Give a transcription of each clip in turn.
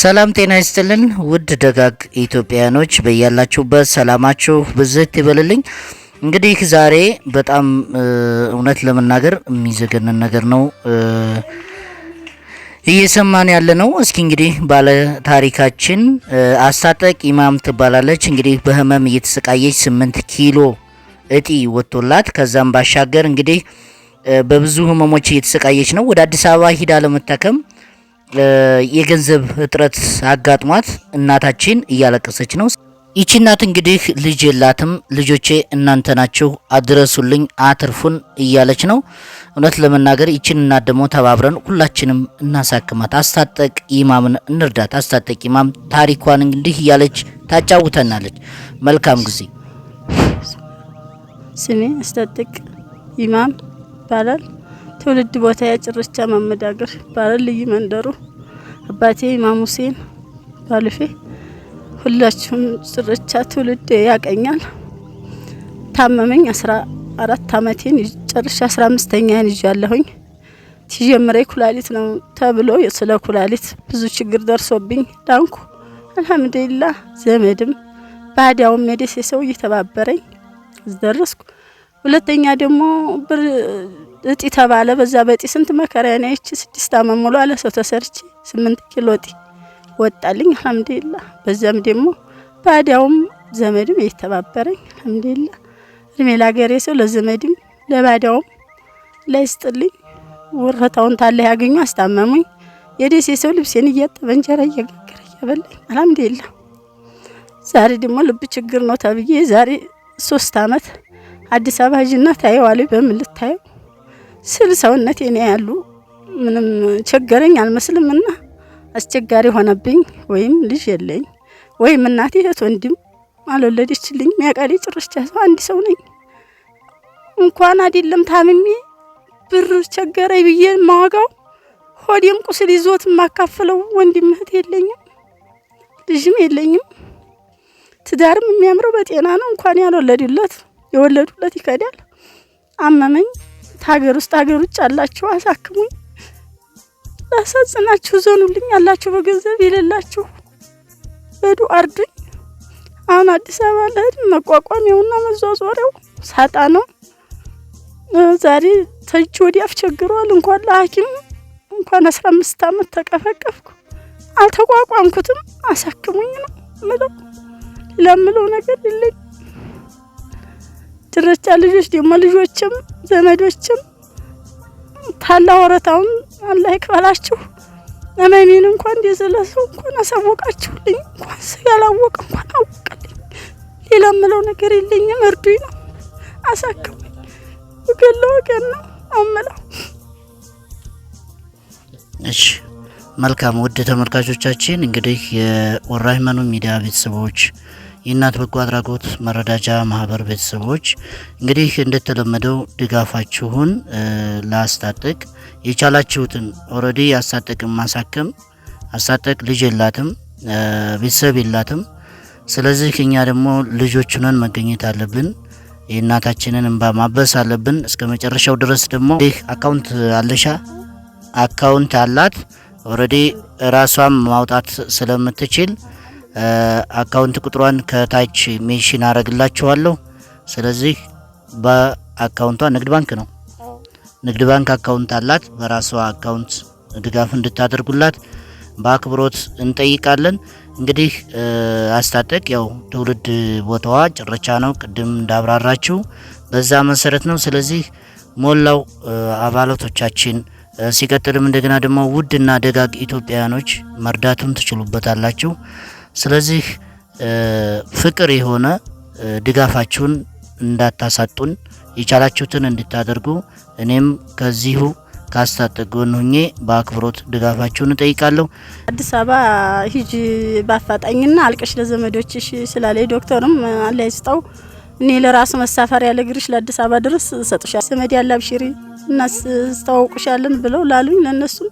ሰላም ጤና ይስጥልን ውድ ደጋግ ኢትዮጵያኖች በያላችሁበት ሰላማችሁ ብዝት ይበልልኝ። እንግዲህ ዛሬ በጣም እውነት ለመናገር የሚዘገንን ነገር ነው እየሰማን ያለ ነው። እስኪ እንግዲህ ባለ ታሪካችን አስታጠቅ ኢማም ትባላለች። እንግዲህ በህመም እየተሰቃየች ስምንት ኪሎ እጢ ወጥቶላት ከዛም ባሻገር እንግዲህ በብዙ ህመሞች እየተሰቃየች ነው። ወደ አዲስ አበባ ሂዳ ለመታከም የገንዘብ እጥረት አጋጥሟት እናታችን እያለቀሰች ነው። ይቺ እናት እንግዲህ ልጅ የላትም። ልጆቼ እናንተ ናችሁ፣ አድረሱልኝ፣ አትርፉን እያለች ነው። እውነት ለመናገር ይችን እናት ደግሞ ተባብረን ሁላችንም እናሳክማት። አስታጠቅ ኢማምን እንርዳት። አስታጠቅ ኢማም ታሪኳን እንግዲህ እያለች ታጫውተናለች። መልካም ጊዜ። ስሜ አስታጠቅ ኢማም ይባላል። ትውልድ ቦታ ያጭርቻ መሀመድ ይባላል። ልዩ መንደሩ አባቴ ኢማም ሁሴን ባልፌ ሁላችሁም ጭርቻ ትውልድ ያቀኛል። ታመመኝ አስራ አራት አመቴን ጨርሼ አስራ አምስተኛን ይዣለሁኝ። ትጀምረይ ኩላሊት ነው ተብሎ ስለ ኩላሊት ብዙ ችግር ደርሶብኝ ዳንኩ። አልሐምዱሊላህ ዘመድም ባዲያውም የደሴ ሰው እየተባበረኝ ደረስኩ። ሁለተኛ ደግሞ ብር እጢ ተባለ። በዛ በእጢ ስንት መከራ ይች ስድስት አመት ሙሉ አለ ሰው ተሰርች ስምንት ኪሎ እጢ ወጣልኝ። አልሐምዱሊላ። በዛም ደግሞ ባዲያውም ዘመድም የተባበረኝ አልሐምዱሊላ። እድሜ ላገሬ ሰው ለዘመድም ለባዲያውም ላይስጥልኝ። ውረታውን ታለ ያገኙ አስታመሙኝ። የደሴ ሰው ልብሴን እያጠበ እንጀራ እየጋገረ እያበላኝ አልሐምዱሊላ። ዛሬ ደግሞ ልብ ችግር ነው ተብዬ ዛሬ ሶስት አመት አዲስ አበባ ሂጂና ታየዋለሽ። በምን ልታየው ስል ሰውነት የኔ ያሉ ምንም ቸገረኝ አልመስልምና አስቸጋሪ ሆነብኝ። ወይም ልጅ የለኝ ወይም እናቴ እህት ወንድም አልወለደችልኝ። ሚያቀሪ ጭርሽ ሰው አንድ ሰው ነኝ። እንኳን አይደለም ታምሜ ብር ቸገረኝ ብዬ ማዋጋው ሆዴም ቁስል ይዞት የማካፍለው ወንድም እህት የለኝም፣ ልጅም የለኝም። ትዳርም የሚያምረው በጤና ነው። እንኳን ያልወለዱለት የወለዱለት ይከዳል። አመመኝ። ሀገር ውስጥ ሀገር ውጭ አላችሁ አሳክሙኝ። ላሳዝናችሁ፣ ዘኑልኝ አላችሁ በገንዘብ የሌላችሁ በዱ አርዱኝ። አሁን አዲስ አበባ ለህድ መቋቋሚያውና መዟዟሪያው ሳጣ ነው። ዛሬ ተጅ ወዲያ አስቸግሯል። እንኳን ለሐኪም እንኳን አስራ አምስት አመት ተቀፈቀፍኩ አልተቋቋምኩትም። አሳክሙኝ ነው ምለው ለምለው ነገር የለኝ ጅረቻ ልጆች ደግሞ ልጆችም ዘመዶችም ታላ ወረታውን አላህ ይክፈላችሁ። እመሜን እንኳን እንደዘለሰው እንኳን አሳወቃችሁልኝ። እንኳን ስላላወቅ እንኳን አወቀልኝ። ሌላ ምለው ነገር የለኝም። እርዱኝ ነው አሳክሙኝ። ወገን ለወገን ነው አምለው። እሺ መልካም ውድ ተመልካቾቻችን እንግዲህ የወራሂመኑ ሚዲያ ቤተሰቦች የእናት በጎ አድራጎት መረዳጃ ማህበር ቤተሰቦች እንግዲህ እንደተለመደው ድጋፋችሁን ላስታጠቅ የቻላችሁትን ኦልሬዲ አስታጠቅም ማሳከም አስታጠቅ ልጅ የላትም ቤተሰብ የላትም። ስለዚህ እኛ ደግሞ ልጆች መገኘት አለብን። የእናታችንን እንባ ማበስ አለብን እስከ መጨረሻው ድረስ ደግሞ ይህ አካውንት አለሻ አካውንት አላት ኦልሬዲ ራሷም ማውጣት ስለምትችል አካውንት ቁጥሯን ከታች ሜንሽን አረግላችኋለሁ። ስለዚህ በአካውንቷ ንግድ ባንክ ነው፣ ንግድ ባንክ አካውንት አላት። በራሷ አካውንት ድጋፍ እንድታደርጉላት በአክብሮት እንጠይቃለን። እንግዲህ አስታጠቅ ያው ትውልድ ቦታዋ ጭረቻ ነው፣ ቅድም እንዳብራራችው በዛ መሰረት ነው። ስለዚህ ሞላው አባላቶቻችን ሲቀጥልም እንደገና ደግሞ ውድና ደጋግ ኢትዮጵያውያኖች መርዳቱን ትችሉበታላችሁ። ስለዚህ ፍቅር የሆነ ድጋፋችሁን እንዳታሳጡን የቻላችሁትን እንድታደርጉ እኔም ከዚሁ ካስታጠጎን ሁኜ በአክብሮት ድጋፋችሁን እጠይቃለሁ። አዲስ አበባ ሂጂ ባፋጣኝና አልቀሽ ለዘመዶችሽ ስላለ ዶክተርም አላህ ይስጠው እኔ ለራሱ መሳፈሪያ ለእግርሽ ለአዲስ አበባ ድረስ ሰጡሻል። ዘመድ ያላብሽሪ እናስተዋውቁሻለን ብለው ላሉኝ ለእነሱም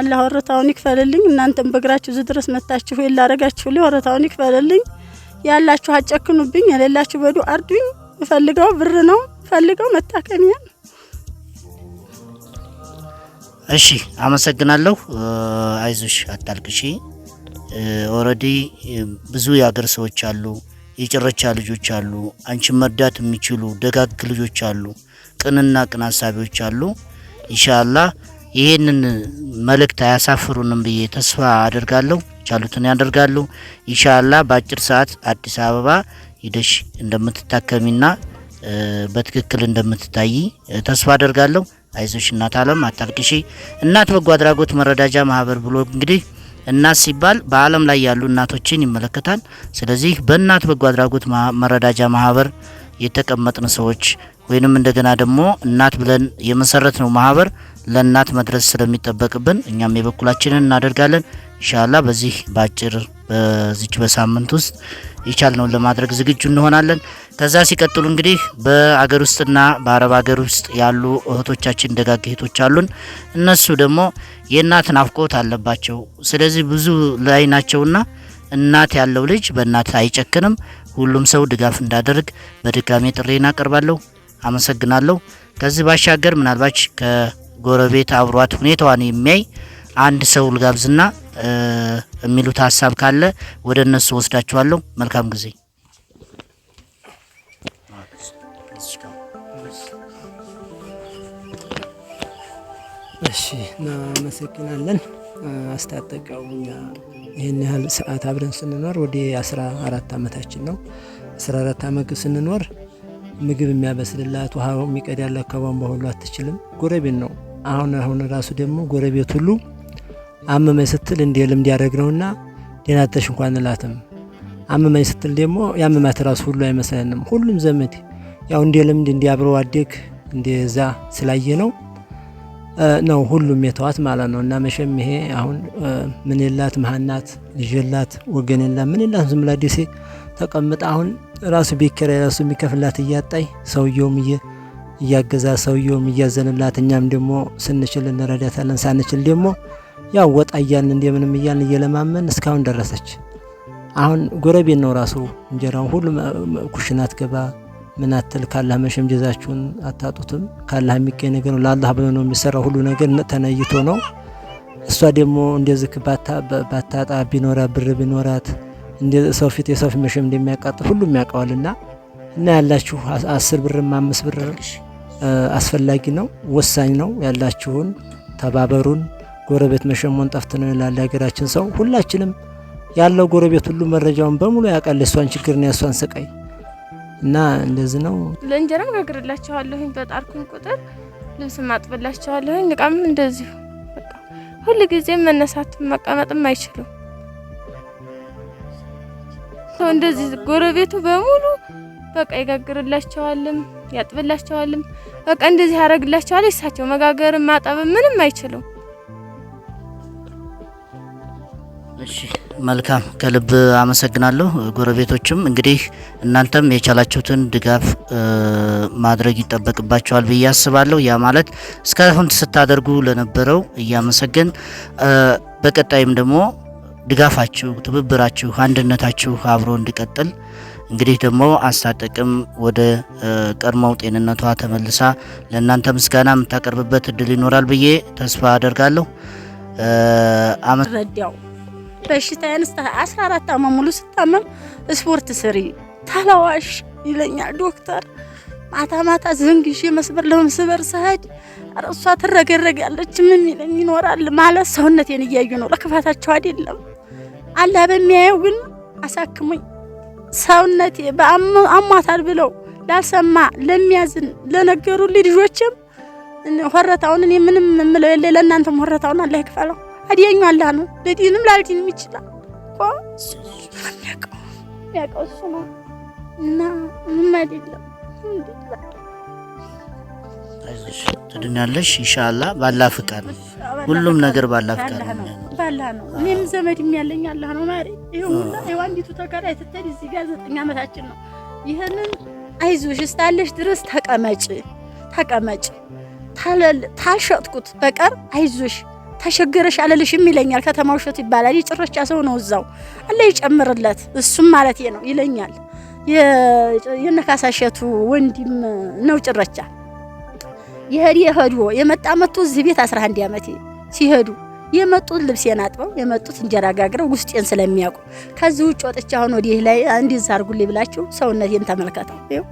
አላህ ወረታውን ይክፈልልኝ። እናንተም በእግራችሁ እዚህ ድረስ መታችሁ ላረጋችሁልኝ ወረታውን ይክፈልልኝ። ያላችሁ አጨክኑብኝ፣ የሌላችሁ በዱ አርዱኝ። እፈልገው ብር ነው ፈልገው መታከሚያ። እሺ አመሰግናለሁ። አይዞሽ አታልቅሺ። ኦልሬዲ ብዙ የሀገር ሰዎች አሉ፣ የጭረቻ ልጆች አሉ፣ አንቺን መርዳት የሚችሉ ደጋግ ልጆች አሉ፣ ቅንና ቅን ሀሳቢዎች አሉ። ኢንሻአላህ ይህንን መልእክት አያሳፍሩንም ብዬ ተስፋ አደርጋለሁ። ቻሉትን ያደርጋሉ። ኢንሻአላ በአጭር ሰዓት አዲስ አበባ ሂደሽ እንደምትታከሚና በትክክል እንደምትታይ ተስፋ አደርጋለሁ። አይዞሽ እናት አለም አታልቅሺ። እናት በጎ አድራጎት መረዳጃ ማህበር ብሎ እንግዲህ እናት ሲባል በዓለም ላይ ያሉ እናቶችን ይመለከታል። ስለዚህ በእናት በጎ አድራጎት መረዳጃ ማህበር የተቀመጥን ሰዎች ወይንም እንደገና ደግሞ እናት ብለን የመሰረት ነው ማህበር ለእናት መድረስ ስለሚጠበቅብን እኛም የበኩላችንን እናደርጋለን። ኢንሻላ በዚህ በአጭር በዚች በሳምንት ውስጥ የቻልነውን ለማድረግ ዝግጁ እንሆናለን። ከዛ ሲቀጥሉ እንግዲህ በአገር ውስጥና በአረብ ሀገር ውስጥ ያሉ እህቶቻችን ደጋግ እህቶች አሉን። እነሱ ደግሞ የእናት ናፍቆት አለባቸው። ስለዚህ ብዙ ላይ ናቸውና እናት ያለው ልጅ በእናት አይጨክንም። ሁሉም ሰው ድጋፍ እንዳደርግ በድጋሜ ጥሪ እናቀርባለሁ። አመሰግናለሁ። ከዚህ ባሻገር ምናልባች ከ ጎረቤት አብሯት ሁኔታዋን የሚያይ አንድ ሰው ልጋብዝና የሚሉት ሀሳብ ካለ ወደ እነሱ ወስዳችኋለሁ። መልካም ጊዜ። እሺ፣ እናመሰግናለን። አስታጠቀው እኛ ይህን ያህል ሰዓት አብረን ስንኖር ወደ አስራ አራት ዓመታችን ነው። አስራ አራት ዓመት ስንኖር ምግብ የሚያበስልላት ውሃ የሚቀዳላት ከቧንቧ ሁሉ አትችልም። ጎረቤት ነው አሁን አሁን ራሱ ደግሞ ጎረቤት ሁሉ አመመኝ ስትል እንደ ልምድ ያደረግነውና ደህና ተሽ እንኳን እንላትም። አመመኝ ስትል ደግሞ ያመማት ራሱ ሁሉ አይመስለንም። ሁሉም ዘመድ ያው እንደ ልምድ እንደ አብሮ አደግ እንደዛ ስላየ ነው ነው ሁሉም የተዋት ማለት ነው። እና መቼም ይሄ አሁን ምን የላት መሀናት ልጅ ወገን የላት ምን የላት ዝም ደሴ ተቀምጣ አሁን ራሱ ቤት ኪራይ ራሱ የሚከፍላት እያጣይ ሰውየውም እየ እያገዛ ሰውየውም እያዘንላት እኛም ደግሞ ስንችል እንረዳታለን፣ ሳንችል ደግሞ ያው ወጣ እያልን እንደምንም እያልን እየለማመን እስካሁን ደረሰች። አሁን ጎረቤት ነው ራሱ እንጀራውን ሁሉ ኩሽና አትገባ ምን አትል። ካላህ መሸም ጀዛችሁን አታጡትም። ካላህ የሚገኝ ነገር ነው። ለአላህ ብሎ ነው የሚሰራው ሁሉ ነገር ተነይቶ ነው። እሷ ደግሞ እንደዚህ ባታጣ ቢኖራ ብር ቢኖራት እንደ ሰው ፊት የሰው ፊት መሸም እንደሚያቃጥ ሁሉም ያውቀዋልና እና ያላችሁ አስር ብርም አምስት ብር አስፈላጊ ነው፣ ወሳኝ ነው። ያላችሁን ተባበሩን። ጎረቤት መሸሞን ጠፍት ነው ይላል የሀገራችን ሰው። ሁላችንም ያለው ጎረቤት ሁሉ መረጃውን በሙሉ ያውቃል፣ የሷን ችግርና የሷን ስቃይ እና እንደዚህ ነው። ለእንጀራ እጋግርላችኋለሁኝ በጣርኩኝ ቁጥር ልብስ ማጥብላችኋለሁኝ፣ እቃም እንደዚሁ። ሁል ጊዜም መነሳት መቀመጥም አይችሉም። እንደዚህ ጎረቤቱ በሙሉ በቃ ይጋግርላቸዋልም ያጥብላቸዋልም በቃ እንደዚህ ያደርግላቸዋል። እሳቸው መጋገር ማጠብም ምንም አይችሉም። እሺ መልካም፣ ከልብ አመሰግናለሁ። ጎረቤቶችም እንግዲህ እናንተም የቻላችሁትን ድጋፍ ማድረግ ይጠበቅባቸዋል ብዬ አስባለሁ። ያ ማለት እስካሁን ስታደርጉ ለነበረው እያመሰገን በቀጣይም ደግሞ ድጋፋችሁ፣ ትብብራችሁ፣ አንድነታችሁ አብሮ እንዲቀጥል እንግዲህ ደግሞ አስታጥቅም ወደ ቀድሞው ጤንነቷ ተመልሳ ለእናንተ ምስጋና የምታቀርብበት እድል ይኖራል ብዬ ተስፋ አደርጋለሁ። ረዳው በሽታዬን 14 ዓመት ሙሉ ስታመም ስፖርት ስሪ ተለዋሽ ይለኛል ዶክተር። ማታ ማታ ዘንግሼ መስበር ለመስበር ስሄድ እሷ ትረገረጋለች ምን ይለኝ ይኖራል ማለት ሰውነቴን እያዩ ነው። ለክፋታቸው አይደለም አላ በሚያየው ግን አሳክሙኝ። ሰውነቴ አሟታል ብለው ላልሰማ ለሚያዝን ለነገሩ ልጆችም ሆረታውን እኔ ምንም የምለው የለ። ለእናንተም ሆረታውን አላህ ይክፈለው። አዲያኙ አላህ ነው። ለዲንም ላልዲንም ይችላል እኮ የሚያውቀው እሱ ነው። እና ምንም አይደለም። አይዞሽ ትድኛለሽ። ኢንሻአላህ ፍቃድ ሁሉም ነገር ባላህ ፍቃድ ነው። ባላህ ነው። እኔም ዘመድም ያለኝ አላህ ነው ማሪ ይሁንና የዋንዲቱ ተከራይ ስትሄድ እዚህ ጋር ዘጠኝ ዓመታችን ነው። ይህንን አይዞሽ እስካለሽ ድረስ ተቀመጭ ተቀመጭ በቀር አይዞሽ ተሸገረሽ አለልሽም ይለኛል። ከተማ ውሸት ይባላል። የጭረቻ ሰው ነው እዛው አለ ይጨምርለት። እሱም ማለት ነው ይለኛል። የነካሳሸቱ ወንድም ነው ጭረቻ የሄድ የሄዱ የመጣ መጥቶ እዚህ ቤት 11 ዓመቴ ሲሄዱ የመጡት ልብሴን አጥበው የመጡት እንጀራ ጋግረው ውስጤን ስለሚያውቁ ከዚህ ውጭ ወጥቼ አሁን ወዲህ ላይ እንዲህ አድርጉልኝ ብላችሁ ሰውነቴን ተመልከተው። ይኸው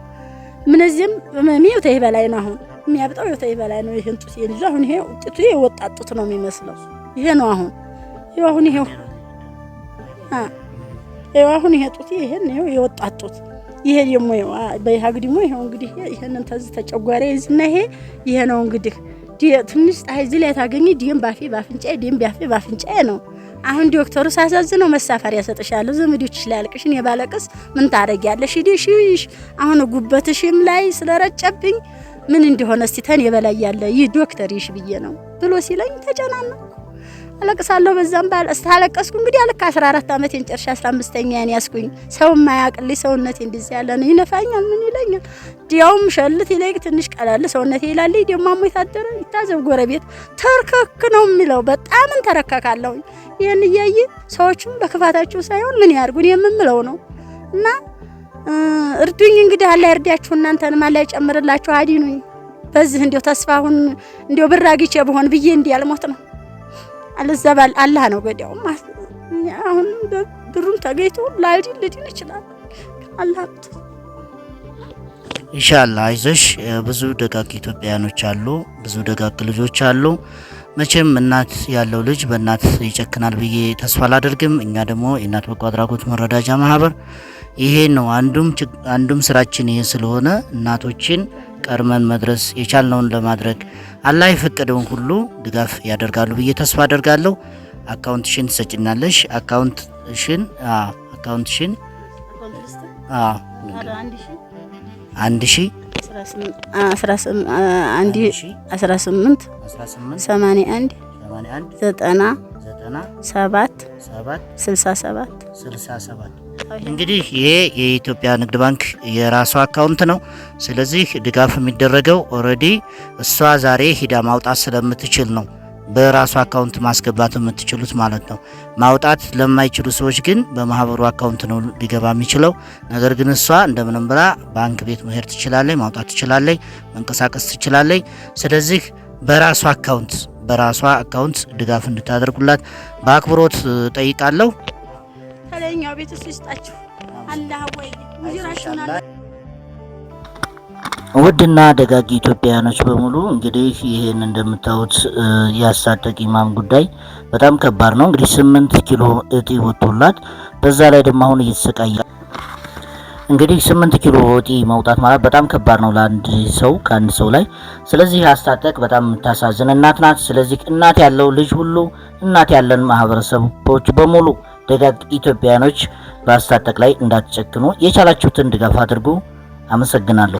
ምንዚህም እኔ ተይ በላይ ነው። አሁን የሚያብጠው ተይ በላይ ነው። ይህን ጡት ይልዛ አሁን ይሄ ውጤቱ የወጣት ጡት ነው የሚመስለው። ይሄ ነው አሁን ይኸው አሁን ይሄው ይኸው አሁን ይሄ ጡት ይሄን ይኸው የወጣት ጡት ይሄ ደግሞ በይሃግ ደግሞ ይኸው እንግዲህ ይህንን ተዝ ተጨጓሪ ይዝና ይሄ ይሄ ነው እንግዲህ ትንሽ ፀሐይ እዚህ ላይ ታገኝ ዲም ባፌ ባፍንጫ ዲም ባፌ ባፍንጫ ነው። አሁን ዶክተሩ ሳሳዝነው መሳፈሪያ ሰጥሻለሁ፣ ዘመዶችሽ ላይ አልቅሽ፣ እኔ ባለቅስ ምን ታረጊያለሽ? ሂደሽ አሁን ጉበትሽም ላይ ስለረጨብኝ ምን እንደሆነ እስቲ ተኔ በላይ ያለ ይህ ዶክተር ይሽ ብዬ ነው ብሎ ሲለኝ ተጨናነኩ። አለቅሳለሁ። በዛም ባል እስታለቀስኩ እንግዲህ አልክ 14 ዓመት የመጨረሻ 15ኛ ያን ያስኩኝ ሰው ማያቅልኝ ሰውነቴ እንደዚህ ያለ ነው። ይነፋኛል፣ ምን ይለኛል። ዲያውም ሸልት ይለኝ ትንሽ ቀላል ሰውነቴ ይላል። ዲያውም አሞ የታደረ ይታዘብ ጎረቤት ተርከክ ነው የሚለው። በጣም እንተረካካለሁ። ይህን እያየ ሰዎችም በክፋታቸው ሳይሆን ምን ያርጉን የምምለው ነው እና እርዱኝ እንግዲህ አላ እርዳችሁ እናንተን አላ ይጨምርላችሁ አዲኑኝ። በዚህ እንዲው ተስፋ አሁን እንዲው ብር አግቼ ብሆን ብዬ እንዲያልሞት ነው። አለዛባል አላህ ነው ገዳው ማለት አሁን ብሩም ተገኝቶ ላይዲ ልድን ይችላል አላህ ኢንሻአላህ። አይዞሽ ብዙ ደጋግ ኢትዮጵያውያኖች አሉ፣ ብዙ ደጋግ ልጆች አሉ። መቼም እናት ያለው ልጅ በእናት ይጨክናል ብዬ ተስፋ አላደርግም። እኛ ደግሞ የእናት በጎ አድራጎት መረዳጃ ማህበር ይሄ ነው አንዱም አንዱም ስራችን ይሄ ስለሆነ እናቶችን ቀርመን መድረስ የቻልነውን ለማድረግ አላህ የፈቀደውን ሁሉ ድጋፍ ያደርጋሉ ብዬ ተስፋ አደርጋለሁ። አካውንት ትሰጭናለሽ? አካውንትሽን አካውንትሽን አንድ ሺ አስራ ስምንት ሰማንያ አንድ ዘጠና ሰባት ስልሳ ሰባት እንግዲህ ይሄ የኢትዮጵያ ንግድ ባንክ የራሱ አካውንት ነው። ስለዚህ ድጋፍ የሚደረገው ኦልሬዲ እሷ ዛሬ ሂዳ ማውጣት ስለምትችል ነው። በራሱ አካውንት ማስገባት የምትችሉት ማለት ነው። ማውጣት ለማይችሉ ሰዎች ግን በማህበሩ አካውንት ነው ሊገባ የሚችለው። ነገር ግን እሷ እንደምንም ብላ ባንክ ቤት መሄድ ትችላለች፣ ማውጣት ትችላለች፣ መንቀሳቀስ ትችላለች። ስለዚህ በራሷ አካውንት በራሷ አካውንት ድጋፍ እንድታደርጉላት በአክብሮት ጠይቃለሁ። ከላይኛው ቤት እሱ ይስጣችሁ። አላህ ወይ ይራሽናል። ውድና ደጋጊ ኢትዮጵያውያኖች በሙሉ እንግዲህ ይህን እንደምታዩት ያሳደቅ ኢማም ጉዳይ በጣም ከባድ ነው። እንግዲህ ስምንት ኪሎ እጢ ወጥቶላት በዛ ላይ ደግሞ አሁን እየተሰቃየ እንግዲህ ስምንት ኪሎ እጢ መውጣት ማለት በጣም ከባድ ነው ለአንድ ሰው ከአንድ ሰው ላይ። ስለዚህ አስታጠቅ በጣም የምታሳዝን እናት ናት። ስለዚህ እናት ያለው ልጅ ሁሉ እናት ያለን ማህበረሰቦች በሙሉ ደጋግ ኢትዮጵያውያኖች በአስታጠቅ ላይ እንዳትጨክኑ፣ የቻላችሁትን ድጋፍ አድርጉ። አመሰግናለሁ።